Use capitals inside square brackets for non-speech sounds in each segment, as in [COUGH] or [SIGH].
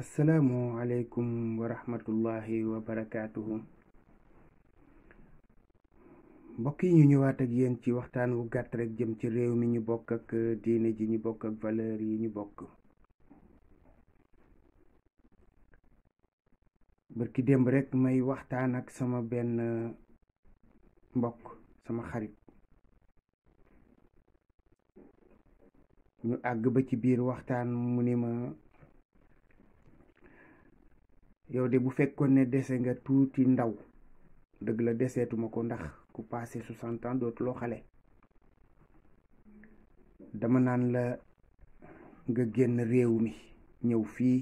asalaamualeykum wa rahmatullahi wa barakaatuhu mbokk yi ñu ñëwaat ak yéen ci waxtaan wu gàtt rek jëm ci réew mi ñu bokk ak diine ji ñu bokk ak valeur yi ñu bokk bërki démb rek may waxtaan ak sama benn mbokk sama xarit ñu àgg ba ci biir waxtaan mu ni ma yow de bu fekkoon ne dese nga tuuti ndaw dëgg la deseetuma ko ndax ku passé soixante ans dootuloo xale dama naan la nga génn réew mi ñëw fii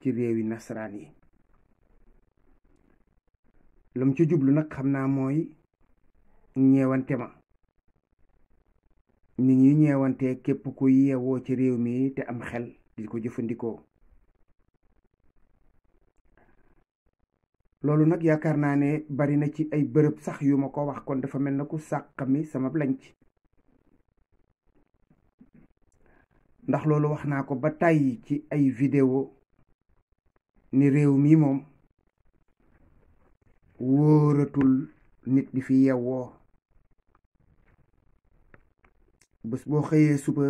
ci réewi nasaraan yi lam ci jublu nag xam naa mooy ñeewante ma nit ñi ñeewante képp ku yewoo ci réew mi te am xel di ko jëfandikoo loolu nag yaakaar naa ne bari na ci ay bërëb sax yu ma ko wax kon dafa mel na ku sàq mi sama lañ ci ndax loolu wax naa ko ba tàyyi ci ay vidéo ni réew mii moom wóoratul nit di fi yewwoo bés boo xëyee suba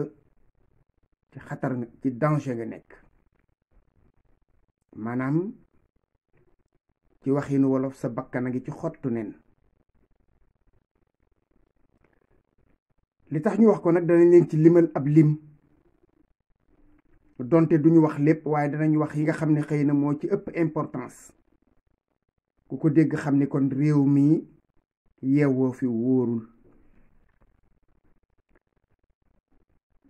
ci xatar ci danger nga nekk maanaam ci wax waxinu wolof sa bakkan a ngi ci xottu nen li tax ñu wax ko nag danañ leen ci limal ab lim donte duñu wax lépp waaye danañu wax yi nga xam ne xëy na moo ci ëpp importance ku ko dégg xam ni kon réew mi yeewoo fi wóorul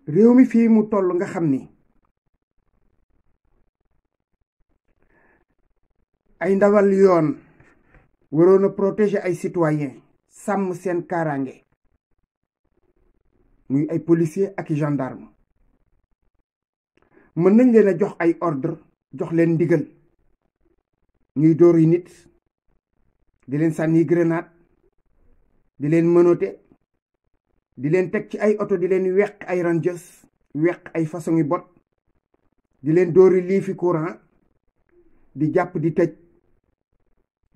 réew mi fii mu toll nga xam ni ay ndawal yoon waroon a protéger ay citoyens sàmm seen kaaraange muy ay policiers ak i gendarme mën nañ leen a jox ay ordre jox leen ndigal ñuy dóor yi nit di leen sànni grenade di leen mënote di leen teg ci ay oto di leen weq ay rangers weq ay façon yi bot di leen doori lii fi courant di jàpp di tëj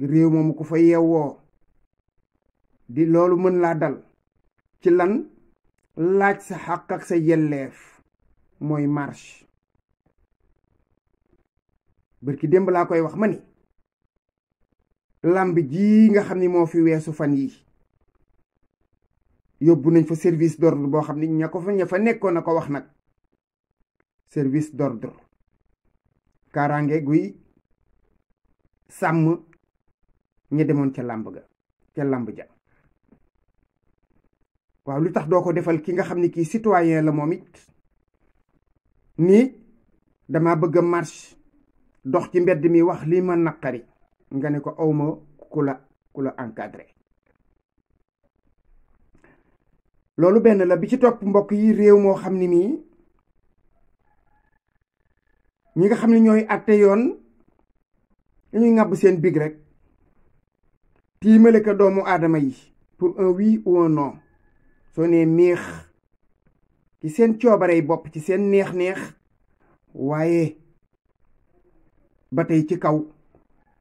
réew moomu ku fa yeewoo di loolu mën laa dal ci lan laaj sa xàq ak sa yelleef mooy marche ki démb laa koy wax ma ni làmb ji nga xam ni moo fi weesu fan yi yóbbu nañ fa service d'ordre boo xam ni ña ko fa ña fa nekkoon a ko wax nag service d'ordre kaaraange guy sàmm ña demoon ca làmb ga ca làmb ja waaw lu tax doo ko defal ki nga xam ne kii citoyen la moom it nii dama bëgg a marche dox ci mbedd mi wax lii ma naqari nga ne ko awma ku la ku la encadré loolu benn la bi ci toog mbokk yi réew moo xam ne mii ñi nga xam ne ñooy àtte yoon dañuy ŋàbb seen big rek tiimale ko doomu aadama yi pour un oui ou un non soo nee miix ci seen yi bopp ci seen neex-neex waaye ba tey ci kaw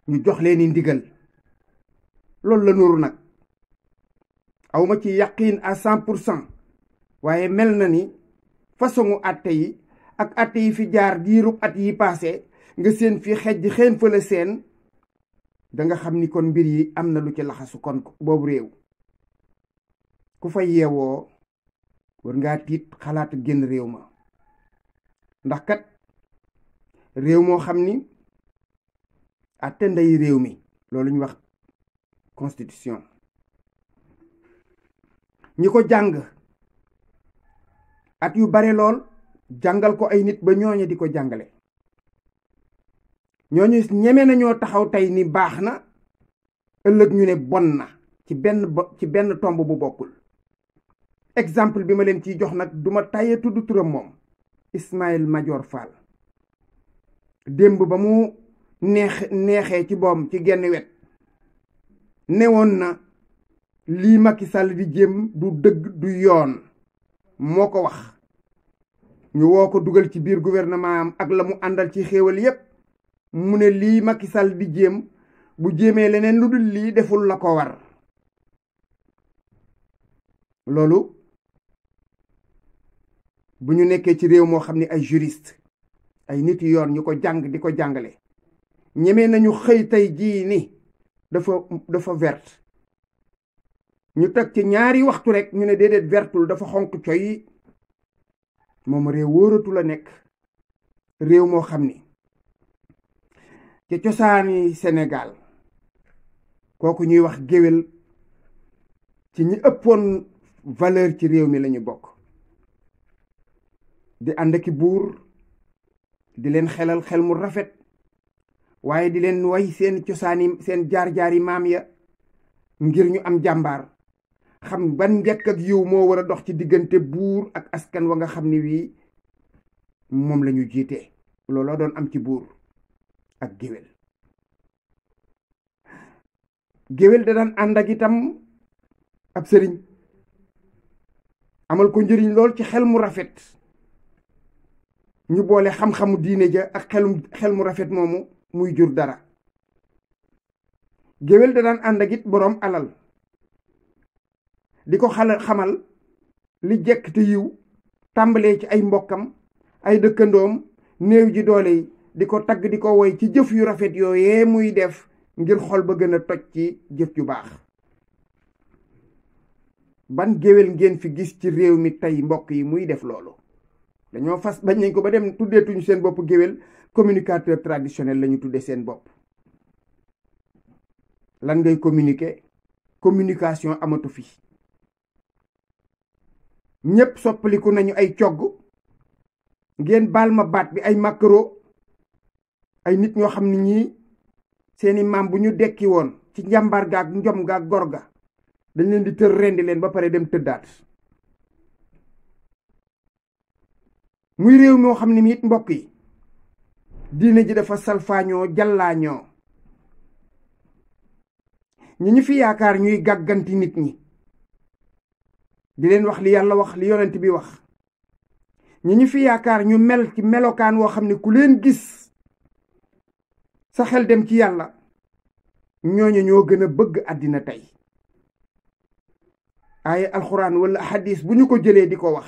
ñu jox leen i ndigal loolu la nuru nag awma ci yàqiin à cent pour cent waaye mel na ni façonu àtte yi ak àtte yi fi jaar diirub at yi passé nga seen fi xejj xeen fa la seen danga xam ni kon mbir yi am na lu ci laxasu kon boobu réew ku fa yeewoo war ngaa tiit xalaat génn réew ma ndax kat réew moo xam ni atte nday réew mi loolu ñu wax constitution ñi ko jàng at yu bare lool jàngal ko ay nit ba ñooñe di ko jàngale ñooñu ñeme nañoo taxaw tey ni baax na ëllëg ñu ne bon na ci benn ci benn tomb bu bokkul exemple bi ma leen ciy jox nag duma tàyyee tudd turam moom Ismaïla major Fall démb ba mu neexee ci boom ci genn wet woon na lii Macky Sall di jéem du dëgg du yoon moo ko wax ñu woo ko dugal ci biir gouvernement am ak la mu àndal ci xéewal yépp mu ne lii Macky Sall di jéem bu jéemee leneen lu dul lii deful la ko war loolu bu ñu nekkee ci réew moo xam ne ay juriste ay nit yoon ñu ko jàng di ko jàngale ñeme nañu xëy tey jii ni dafa dafa vert ñu takk ci ñaari waxtu rek ñu ne déedéet vertul dafa xonq coy moom réew wóoratu la nekk réew moo xam ni ca cosaani senegaal kooku ñuy wax géwél ci ñi ëppoon valeur ci réew mi lañu bokk di ànd buur di leen xelal xel mu rafet waaye di leen way seen cosaani seen jaar-jaari maam ya ngir ñu am jàmbaar xam ban njëkk ak yiw moo war a dox ci diggante buur ak askan wa nga xam ne wii moom la jiite looloo doon am ci buur ak géwél géwél da daan ànd ak itam ab sëriñ amal ko njëriñ lool ci xel mu rafet ñu boole xam-xamu diine ja ak xelum xel mu rafet moomu muy jur dara géwél da daan ànd ak it boroom alal di ko xala xamal li jekk te yiw tàmbalee ci ay mbokkam ay dëkkandoom néew ji doole yi di ko tagg di ko woy ci jëf yu rafet yooyee muy def ngir xol ba gën a toj ci jëf ju baax ban géwél ngeen fi gis ci réew mi tey mbokk yi muy def loolu dañoo fas bañ nañ ko ba dem tuddeetuñu seen bopp géwél communicateur traditionnel lañu tudde seen bopp lan ngay communiquer communication amatu fi ñépp soppaliku nañu ay cogg ngeen baal ma baat bi ay macro ay nit ñoo xam ne ñii seeni maam bu ñu dekki woon ci njàmbaar gaag njom gaag gor ga dañ leen di tër rendi leen ba pare dem tëddaat muy réew moo xam ne mi it mbokk yi diine ji dafa salfaañoo jàllaañoo ñi ñu fi yaakaar ñuy gàgganti nit ñi di leen wax li yàlla wax li yonent bi wax ñi ñu fi yaakaar ñu mel ci melokaan woo xam ne ku leen gis sa xel dem ci yàlla ñooñu ñoo gën a bëgg àddina tey ay alxuraan walla xadis bu ñu ko jëlee di ko wax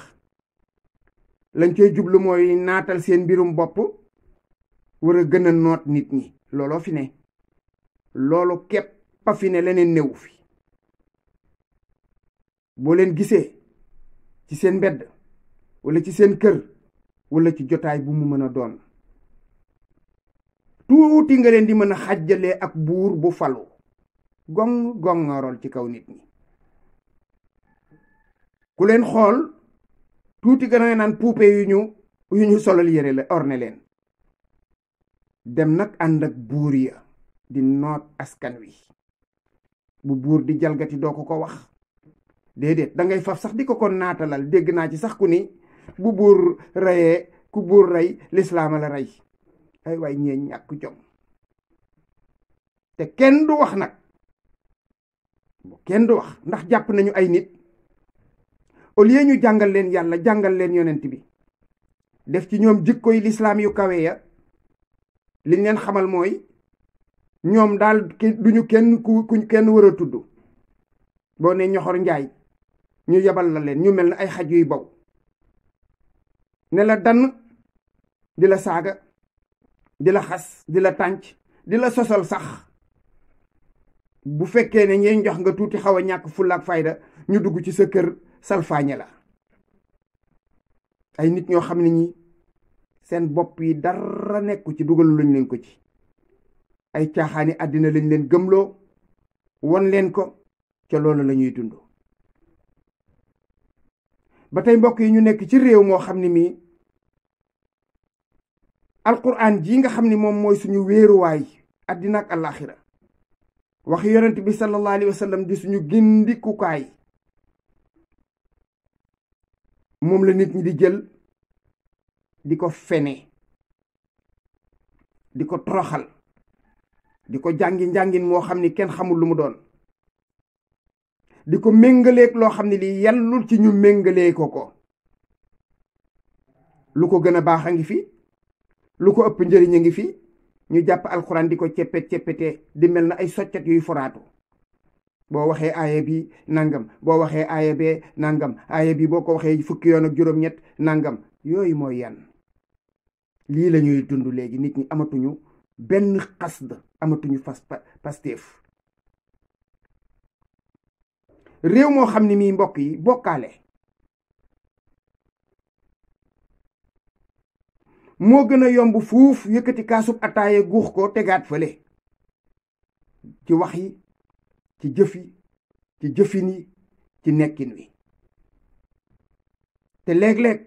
lañ cay jublu mooy naatal seen mbirum bopp war gën a noot nit ñi looloo fi ne loolu képp pa fi ne leneen néew fi boo leen gisee ci seen mbedd wala ci seen kër wala ci jotaay bu mu mën a doon tuuti nga leen di mën a xàjjalee ak buur bu falu gong gongarool ci kaw nit ñi ku leen xool tuuti gën naan puupe yu ñu yu ñu solal yére la orne leen dem nag ànd ak buur ya di noot askan wi bu buur di jalgati doo ko ko wax déedéet dangay faf sax di ko ko naatalal dégg naa ci sax ku ni bu buur reyee ku buur rey lislaama la rey ay waay ñee ñàkk jom te kenn du wax nag kenn du wax ndax jàpp nañu ay nit au lieu ñu jàngal leen yàlla jàngal leen yonent bi def ci ñoom jikko yi lislaam yu kawe ya liñ leen xamal mooy ñoom daal duñu kenn ku kenn war a tudd boo ne ñoxor njaay ñu yabal la leen ñu mel ne ay xaj yuy baw ne la dann di la saaga di la xas di la tànc di la sosal sax bu fekkee ne ñeen jox nga tuuti xaw a ñàkk fulla ak fayda ñu dugg ci sa kër salfaañe la ay nit ñoo xam ne ñi seen bopp yi dara nekku ci dugalu lañ leen ko ci ay caaxaani àddina lañ leen gëmloo won leen ko ca loolu la ñuy dund ba tey mbokk yi ñu nekk ci réew moo xam ne mii alquran jii nga xam ni moom mooy suñu wéeruwaay àddina ak àllaaxira wax yonent bi sallallahu alayhi wa suñu gindikukaay moom la nit ñi di jël di ko fene di ko toroxal di ko jàngi njàngin moo xam ni kenn xamul lu mu doon di ko méngaleeg loo xam ne lii yàllul ci ñu méngalee ko ko lu ko gën a baax a ngi fi lu ko ëpp njëriñ a ngi fi ñu jàpp alxuraan di ko ceppet ceppetee di mel na ay soccet yuy foraatu boo waxee aaya bi nangam boo waxee aaya bee nangam aaya bi boo ko waxee fukki yoon ak juróom-ñett nangam yooyu mooy yan lii lañuy dund léegi nit ñi amatuñu benn xasd amatuñu fas pasteef réew moo xam ne mii mbokk yi bokkaale moo gën a yomb fuuf yëkkati kaasub attaaye guux ko tegaat fële ci wax yi ci jëf ci jëfin yi ci nekkin wi te léeg-léeg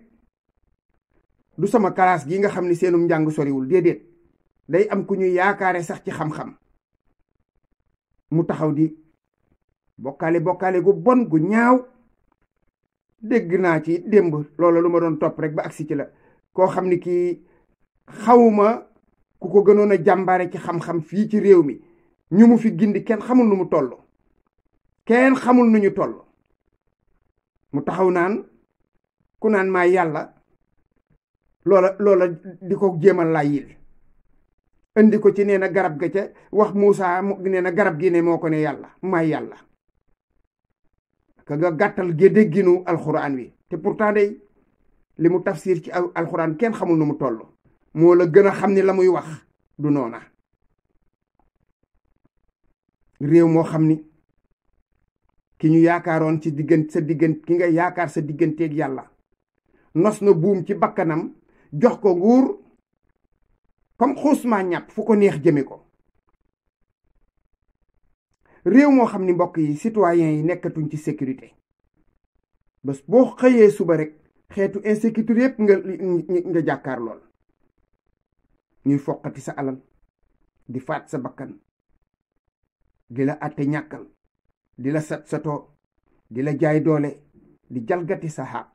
du sama kalaas gi nga xam ni seenum njàng soriwul déedéet day am ku ñuy yaakaare sax ci xam-xam mu taxaw di bokkaale bokkaale gu bon gu ñaaw dégg naa ci démb loola lu ma doon topp rek ba agsi ci la koo xam ni kii xawuma ku ko gënoon a jàmbaare ci xam-xam fii ci réew mi ñu mu fi gindi kenn xamul nu mu toll kenn xamul nu ñu toll mu taxaw naan ku naan maa yàlla loola loola di ko jéemal laa yil indi ko ci nee na garab ga ca wax Moussa nee na garab gi ne moo ko ne yàlla maay yàlla ka nga gàttal gé dégginu alxuraan wi te pourtant day li mu tafsir ci alxuraan kenn xamul nu mu toll moo la gën a xam ni la muy wax du noona réew moo xam ni ki ñu yaakaaroon ci diggante sa diggant ki nga yaakaar sa digganteek yàlla nos na buum ci bakkanam jox ko nguur comme xuusmaa ñàpp fu ko neex jëme ko réew moo xam ni mbokk yi citoyens yi nekkatuñ ci sécurité bés boo xëyee suba rek xeetu insécurité yépp nga nga jàkkaar lool ñuy foqati sa alal di faat sa bakkan di la àtte ñàkkal di la sat satoo di la jaay doole di jalgati sa xàq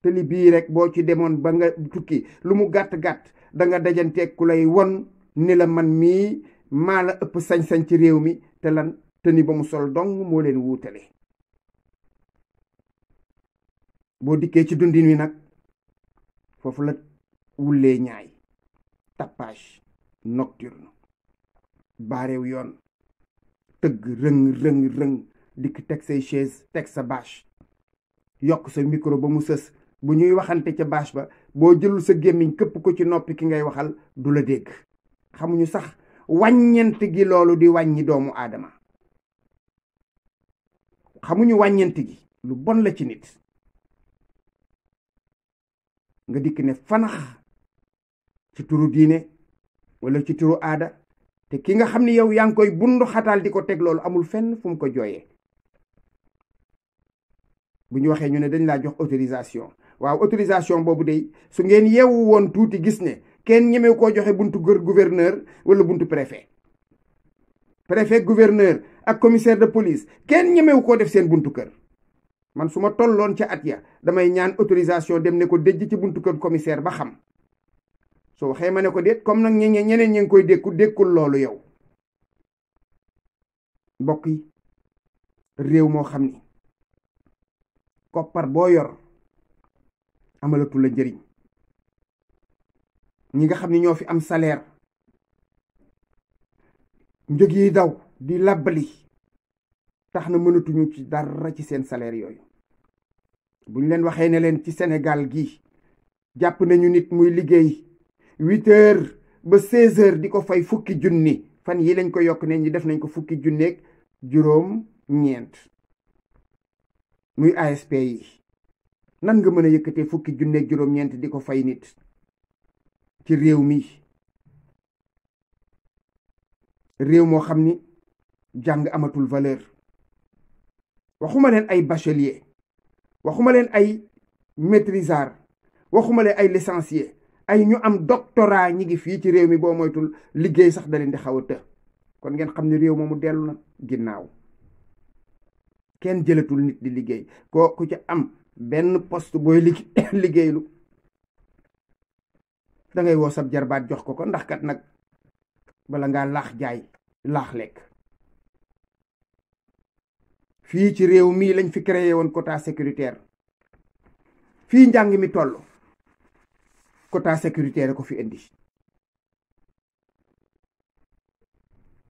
te li bii rek boo ci demoon ba nga tukki lu mu gàtt-gàtt danga nga dajanteeg ku lay won ni la man mii maa la ëpp sañ-sañ ci réew mi te lan te ni ba mu sol dong moo leen wuutale boo dikkee ci dundin wi nag foofu la wullee ñaay tapage nocturne baareew yoon tëgg rëng rëng rëng dikk teg say chaise teg sa bâche yokk sa mikro ba mu sës bu ñuy waxante ca bâche ba boo jëlul sa gémmiñ këpp ko ci noppi ki ngay waxal du la dégg xamuñu sax wàññent gi loolu di wàññi doomu aadama xamuñu wàññent gi lu bon la ci nit nga dikk ne fanax ci turu diine wala ci turu aada te ki nga xam ne yow yaa ngi koy bund xataal di ko teg loolu amul fenn fu ko jooyee bu ñu waxee ñu ne dañ laa jox autorisation waaw autorisation boobu day su ngeen yeewu woon tuuti gis ne kenn ñemew koo joxe buntu gër gouverneur wala buntu préfet préfet gouverneur ak commissaire de police kenn ñemew koo def seen buntu kër man suma ma tolloon ca at ya damay ñaan autorisation dem ne ko déjj ci buntu kër commissaire ba xam soo waxee ma ne ko déet comme nag ñeñe ñeneen ñi ngi koy dékku dékkul loolu yow mbokk yi réew moo xam ni koppar boo yor amalatu la njëriñ ñi nga xam ni ñoo fi am saleer njëg yi daw di làbbali tax na mënatuñu ci dara ci seen salaire yooyu buñ leen waxee ne leen ci Sénégal gi jàpp nañu nit muy liggéey huit ba seize di ko fay fukki junni fan yi lañ ko yokk ne ñi def nañ ko fukki junneeg juróom ñeent muy ASP nan nga mën a yëkkatee fukki junneeg di ko fay nit ci réew mi réew moo xam ni jàng amatul valeur waxuma leen ay bachelier waxuma leen ay maîtrisard waxuma leen ay licencié ay ñu am doctorat ñi ngi fii ci réew mi boo moytul liggéey sax da leen di xaw a të kon ngeen xam ne réew mu dellu na ginnaaw kenn jëlatul nit di liggéey ko ku ci am benn poste booy [COUGHS] liggéeylu dangay ngay woo sab jarbaat jox ko ko ndax kat nag bala ngaa laax jaay laax lekk fii ci réew mii lañ fi créé woon quota sécuritaire fii njàng mi toll quota sécuritaire ko fi indi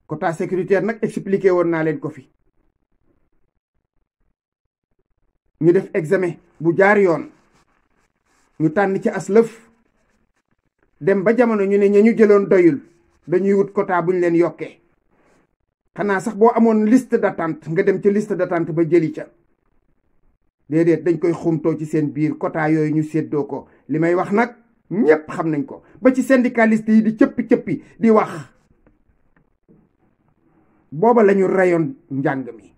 quota sécuritaire nag expliquer woon naa leen ko fi ñu def examen bu jaar yoon ñu tànn ci aslëf dem ba jamono ñu ne ña ñu jëloon doyul dañuy wut quota buñ leen yokkee xanaa sax boo amoon liste d'attente nga dem ca liste d'attente ba jëli ca déedéet dañ koy xumtoo ci seen biir quota yooyu ñu séddoo ko li may wax nag ñépp xam nañ ko ba ci syndicaliste yi di cëppi cëppi di wax booba lañu rayoon njàng mi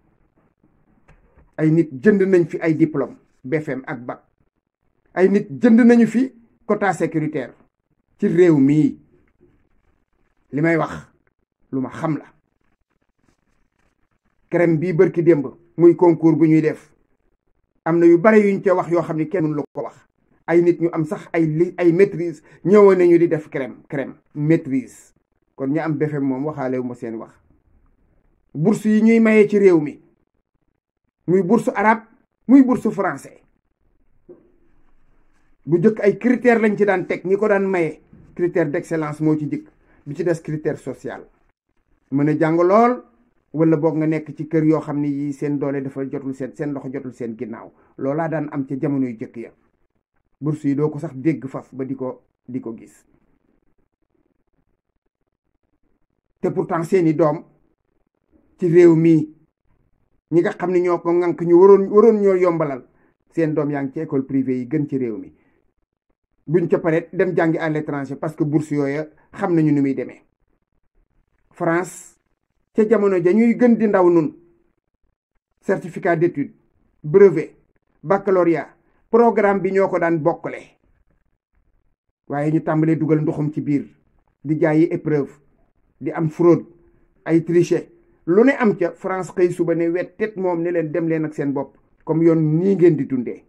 ay nit jënd nañ fi ay diplôme BFM ak BAC ay nit jënd nañu fi quota sécuritaire ci réew mii li may wax lu ma xam la crème bii bërki démb muy concours bu ñuy def am na yu bare yuñ cee wax yoo xam ne kenn mënu la ko wax ay nit ñu am sax ay li ay maîtrise ñëwoon nañu di def crème crème maîtrise kon ñu am BFEM moom waxaale wu seen wax bourse yi ñuy mayee ci réew mi muy bourse arab muy bourse français bu jëkk ay critères lañ ci daan teg ñi ko daan mayee critère d'excellence moo ci jëkk bi ci des critère social mën a jàng lool wala boog nga nekk ci kër yoo xam ne yi seen doole dafa jotul seen seen loxo jotul seen ginnaaw loolaa daan am ca jamono yu jëkk ya bourse yi doo ko sax dégg faf ba di ko di ko gis te pourtant seeni doom ci réew mi ñi nga xam ne ñoo ko ŋànk ñu waroon waroon ñoo yombalal seen doom yaa ngi ci école privée yi gën ci réew mi buñ ca pare dem jàngi à l'étranger parce que bourse yooya xam nañu ni muy demee France ca jamono ja ñuy gën di ndaw nun certificat d'étude brevet baccalauréat programme bi ñoo ko daan bokkale waaye ñu tàmbalee dugal ndoxum ci biir di jaayi épreuve di am fraude ay tricher lu ne am ca France xëy suba ne wettet moom ne leen dem leen ak seen bopp comme yoon nii ngeen di dundee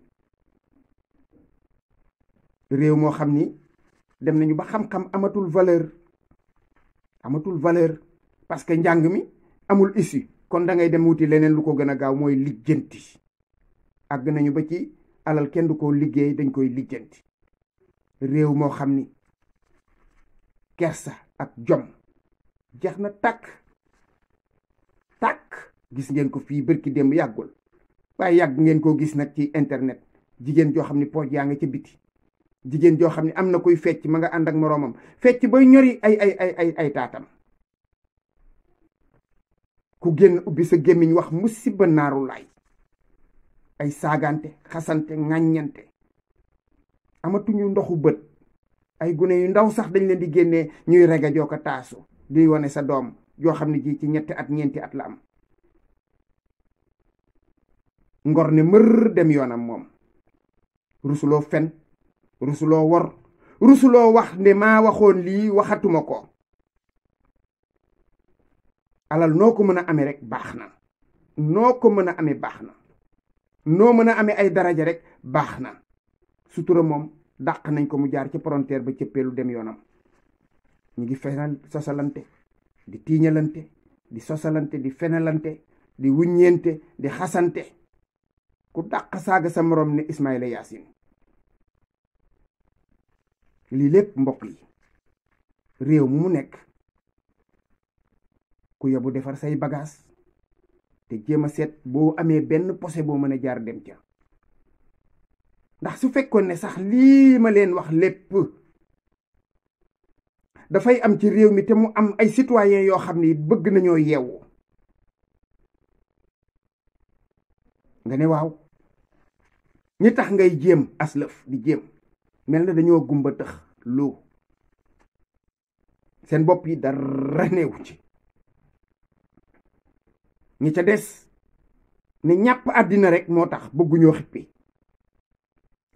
réew moo xam ni dem nañu ba xam-xam amatul valeur amatul valeur parce que njàng mi amul issue kon da ngay dem wuti leneen lu ko gën a gaaw mooy lijjanti àgg nañu ba ci alal kenn du ko liggéey dañ koy lijjanti réew moo xam ni kersa ak jom jeex na tàkk tàkk gis ngeen ko fii bërki démb yàggul waaye yàgg ngeen koo gis nag ci internet jigéen joo xam ni pooj yaa ngi ca biti jigéen joo xam ne am na koy fecc ma nga ànd ak moroomam fecc bay ñori ay ay ay ay ay taatam ku génn ubbi sa gémmiñ wax musiba naaru laay ay saagante xasante ŋàññante amatuñu ndoxu bët ay gune yu ndaw sax dañ leen di génnee ñuy rega joo ko taasu di wone sa doom joo xam ne ji ci ñetti at ñeenti at la am ngor ne mër dem yoonam moom rusuloo fen rusuloo wor rusuloo wax ne maa waxoon lii waxatuma ko alal noo ko mën a amee rek baax na noo ko mën a amee baax na noo mën a amee ay daraja rek baax na sutura moom dàq nañ ko mu jaar ci frontière ba cëppeelu dem yoonam ñu ngi fenal sosalante di tiiñalante di sosalante di fenalante di wuññeente di xasante ku dàq saaga sa moroom ne Ismaïla Yaasin lii lépp mbokk yi réew mi mu nekk ku yebu defar say bagaas te jéem a set boo amee benn posé boo mën a jaar dem ca ndax su fekkoon ne sax lii ma leen wax lépp dafay am ci réew mi te mu am ay citoyen yoo xam ne bëgg nañoo yeewu nga ne waaw ñi tax ngay jéem aslëf di jéem mel na dañoo gumba tëx loo seen bopp yi dara neewu ci ñi ca des ni ñàpp àddina rekk moo tax bëgguñoo xippi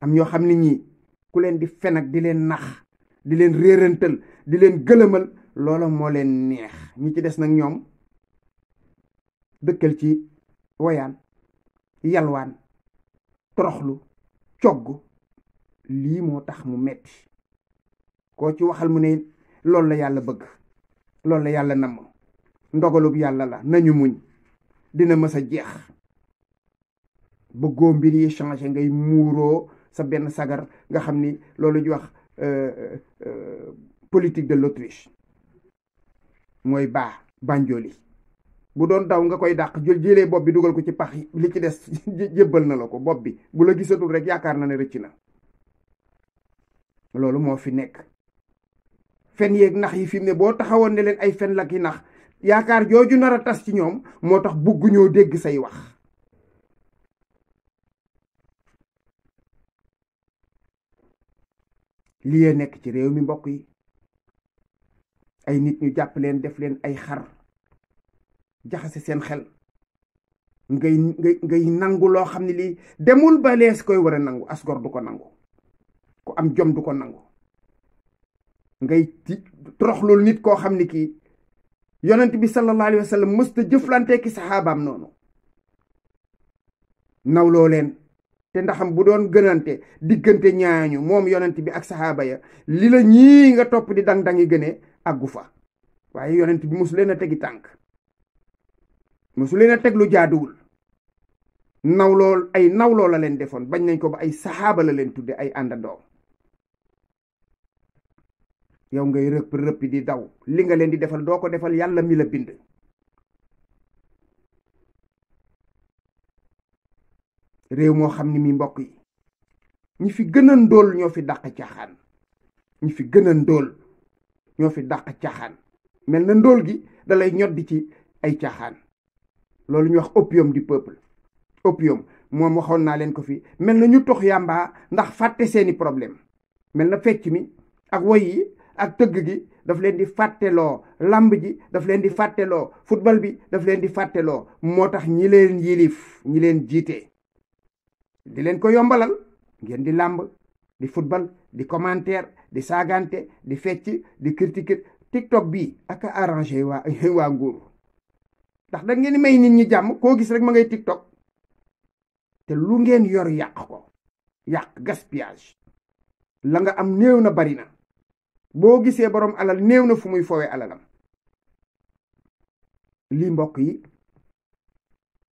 am ñoo xam ne ñii ku leen di fen ak di leen nax di leen réerantal di leen gëlëmal loola moo leen neex ñi ci des nag ñoom dëkkal ci woyaan yalwaan toroxlu cogg lii moo tax mu metti koo ci waxal mu ni loolu la yàlla bëgg loolu la yàlla namm ndogalub yàlla la nañu muñ dina mës a jeex bëggoo mbir yi changé ngay muuroo sa benn sagar nga xam ni loolu ñu wax euh, euh, euh, politique de l'autruche mooy baa bànjooli bu doon daw nga koy dàq jël jëlee bopp bi dugal ko ci pax li ci des [LAUGHS] jébbal na la ko bopp bi bu la gisatul rek yaakaar na ne rëcc na loolu moo fi nekk fen yeeg nax yi fi mu ne boo taxawoon ne leen ay fen la ki nax yaakaar jooju nar a tas ci ñoom moo tax bëgguñoo dégg say wax lii nekk ci réew mi mbokk yi ay nit ñu jàpp leen def leen ay xar jaxase seen xel ngay ngay nangu loo xam ne lii demul ba lees koy war a nangu asgor du ko nangu ku am jom du ko nangu ngay toroxlul nit koo xam ni kii yonent bi sallallahu alayhi wa sallam mësta jëflante ki noonu nawloo leen te ndaxam bu doon gënante diggante ñaañu moom yonent bi ak saxaaba ya lii la ñii nga topp di dang-dangi gënee àggu fa waaye yonent bi mosu leen a tegi tànk mësuleen a teg lu jaaduwul nawloo ay nawloo la leen defoon bañ nañ ko ba ay saxaaba la leen tudde ay àndandoom yow ngay rëpp rëppi di daw li nga leen di defal doo ko defal yàlla mi la bind réew moo xam ni mi mbokk yi ñi fi gën a ndóol ñoo fi dàq caaxaan ñi fi gën a ndóol ñoo fi dàq caaxaan mel na ndool gi dalay ñoddi ci ay caaxaan loolu ñu wax opium du peuple opium moom waxoon naa leen ko fi mel na ñu tox yàmbaa ndax fàtte seeni problème mel na fecc mi ak woy yi ak tëgg gi daf leen di fàtteloo làmb ji daf leen di fàtteloo footbal bi daf leen di fàtteloo moo tax ñi leen yilif ñi leen jiite. di leen ko yombalal ngeen di làmb di football di commentaire di saagante di fecc di critiquer tiktok bi ak a arrangé waa [LAUGHS] waa nguur ndax da ngeen may nit ñi jàmm koo gis rek ma ngay tiktok te lu ngeen yor yàq ko yàq gaspillage la nga am néew na bari na boo gisee boroom alal néew na fu muy fowe alalam lii mbokk yi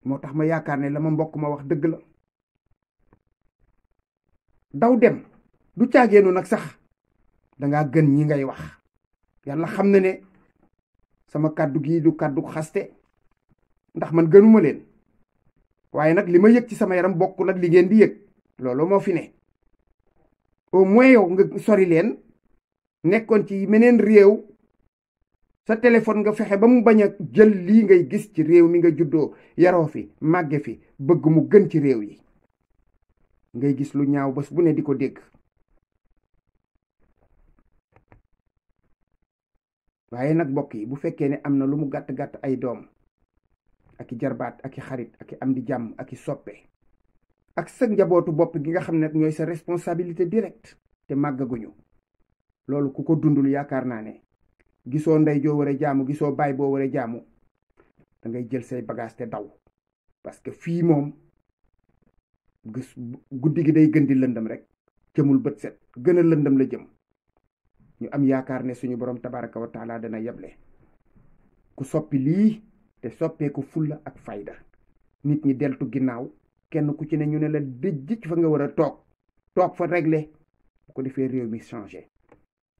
moo tax ma yaakaar ne la ma mbokk ma wax dëgg la daw dem du caageenu nag sax dangaa gën ñi ngay wax yàlla xam na ne sama kàddu gi du kàddu xaste ndax man gënuma leen waaye nag li ma yëg ci sama yaram bokkul ak li ngeen di yëg looloo moo fi ne au moins yow nga sori leen nekkoon ci meneen réew sa téléphone nga fexe ba mu bañ a jël lii ngay gis ci réew mi nga juddoo yaroo fi màgge fi bëgg mu gën ci réew yi ngay gis lu ñaaw bés bu ne di ko dégg waaye nag mbokk yi bu fekkee ne am na lu mu gàtt-gàtt ay doom ak i jarbaat ak i xarit ak am di jàmm ak i soppe ak sa njabootu bopp gi nga xam ne ñooy sa responsabilité directe te màggaguñu loolu ku ko dundul yaakaar naa ne gisoo ndey joo war a jaamu gisoo baay boo war a jaamu da ngay jël say bagage te daw parce que fii moom gis guddi gi day gën di lëndëm rek jëmul bët set gën a lëndëm la jëm ñu am yaakaar ne suñu borom tabaraka wa taala dana yeble ku soppi lii te soppeeku fulla ak fayda nit ñi deltu ginnaaw kenn ku ci ne ñu ne la dëjj fa nga war a toog toog fa regle bu ko defee réew mi changé